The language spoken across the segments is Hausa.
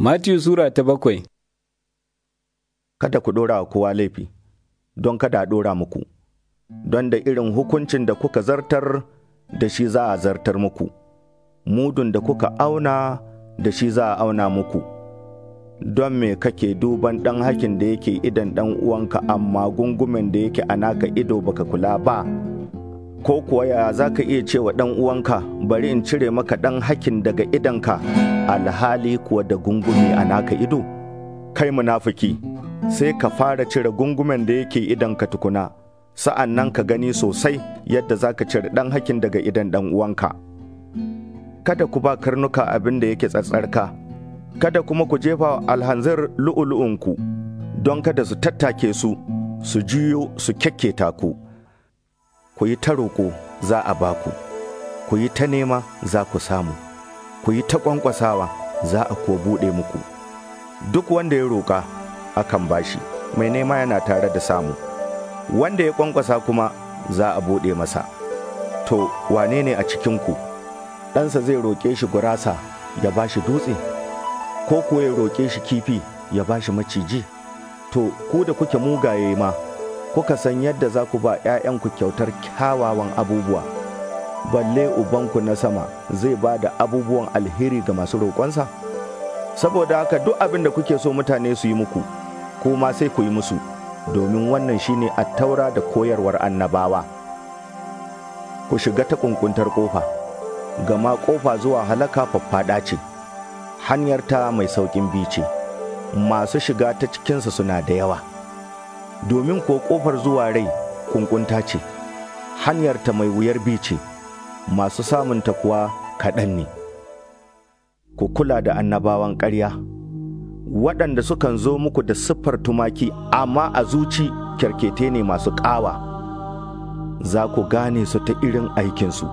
Matiyu Sura ta bakwai Kada ku ɗora wa kowa laifi, don kada a ɗora muku, don da irin hukuncin da kuka zartar da shi za a zartar muku, mudun da kuka auna da shi za a auna muku. Don me kake duban ɗan hakin da yake idan ɗan uwanka amma gungumen da yake a naka ido baka kula ba. ko kuwa ya za ka iya cewa ɗan uwanka bari in cire maka ɗan hakin daga idanka alhali kuwa da gungumi a naka ido kai munafuki, sai ka fara cire gungumen da yake idanka tukuna sa'an nan ka gani sosai yadda za ka cire ɗan hakin daga idan ɗan uwanka kada ku ba karnuka abin da yake tsatsarka kada kuma ku jefa alhanzar lu'ulu'unku don kada su tattake su su juyo su kyakketa ku. ku yi ta roƙo za a ba ku Ku yi ta nema za ku samu, ku yi ta ƙwanƙwasawa za a ko buɗe muku. Duk wanda ya roƙa akan bashi, mai nema yana tare da samu, wanda ya ƙwanƙwasa kuma za a buɗe masa. To, wane ne a cikinku? Ɗansa zai roƙe shi gurasa ya ba shi dutse, ko kuwa ya roƙe shi kifi ya ba shi maciji? To, ku da kuke mugaye ma. kuka san yadda za ku ba ‘ya'yanku kyautar kyawawan abubuwa, balle ubanku na sama zai ba da abubuwan alheri ga masu roƙonsa? Saboda haka duk abin da kuke so mutane su yi muku, kuma sai ku yi musu, domin wannan shi ne a taura da koyarwar annabawa. Ku shiga ta ƙunƙuntar ƙofa, gama ƙofa zuwa halaka faffaɗa ce, hanyarta mai sauƙin bi ce, masu shiga ta cikinsa suna da yawa. domin ko ƙofar zuwa rai kunkunta ce, hanyarta mai wuyar bi ce, masu samunta kuwa kaɗan ne. Ku kula da annabawan ƙarya, waɗanda sukan zo muku da siffar tumaki amma a zuci kyarkete ne masu ƙawa. Za ku gane su ta irin aikinsu.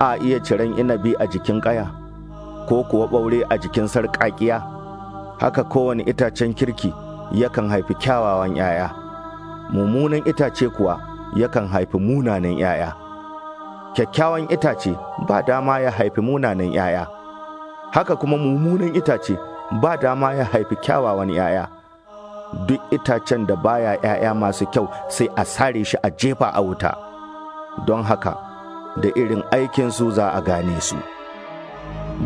A iya ciran inabi a jikin ƙaya. ko kuwa ɓaure a jikin sarƙaƙiya, haka kowane itacen kirki yakan haifi kyawawan ‘ya'ya, mummunan itace kuwa yakan haifi munanan ‘ya'ya. Kyakkyawan itace ba dama ya haifi munanan ‘ya'ya, haka kuma mummunan itace ba dama ya haifi kyawawan ‘ya'ya. Duk itacen da baya ‘ya'ya masu kyau sai a sare shi a jefa a wuta, don haka da irin aikinsu za a gane su.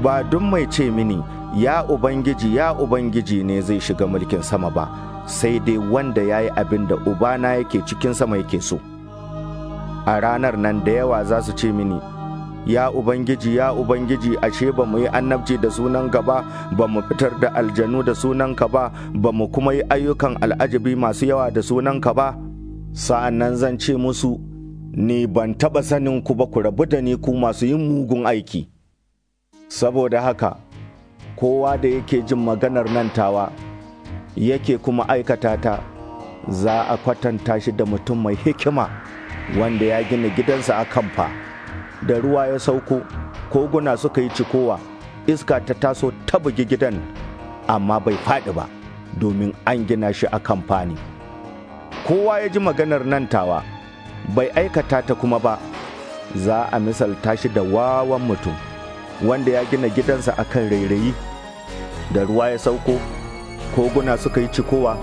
Ba dun mai ce mini ya Ubangiji, ya Ubangiji ne zai shiga mulkin sama ba, sai dai wanda ya yi abin da Ubana yake cikin sama yake so. A ranar nan da yawa za su ce mini, Ya Ubangiji, ya Ubangiji, ashe ba mu yi annabci da sunan gaba ba mu fitar da aljanu da sunanka ba, ba mu kuma yi ayyukan al'ajabi masu yawa da sunanka ba. Sa'an nan zan ce musu, Ni ban taɓa sanin ku ba ku rabu da ni ku masu yin mugun aiki. Saboda haka, kowa da yake jin maganar nan tawa yake kuma aikata ta za a kwatanta shi da mutum mai hikima wanda ya gina gidansa a kamfa da ruwa ya sauko koguna suka yi cikowa iska ta taso ta bugi gidan amma bai faɗi ba domin an gina shi a kamfani kowa ya ji maganar nan tawa bai aikata ta kuma ba za a misalta shi da wawan mutum wanda ya gina gidansa akan rairayi da ruwa ya sauko koguna suka yi cikowa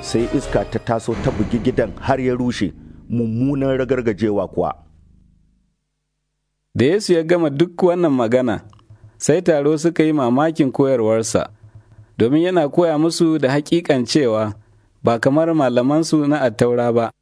sai iska ta taso ta bugi gidan har ya rushe mummunan ragargajewa kuwa da yesu ya gama duk wannan magana sai taro suka yi mamakin koyarwarsa domin yana koya musu da hakikan cewa ba kamar malamansu na attaura ba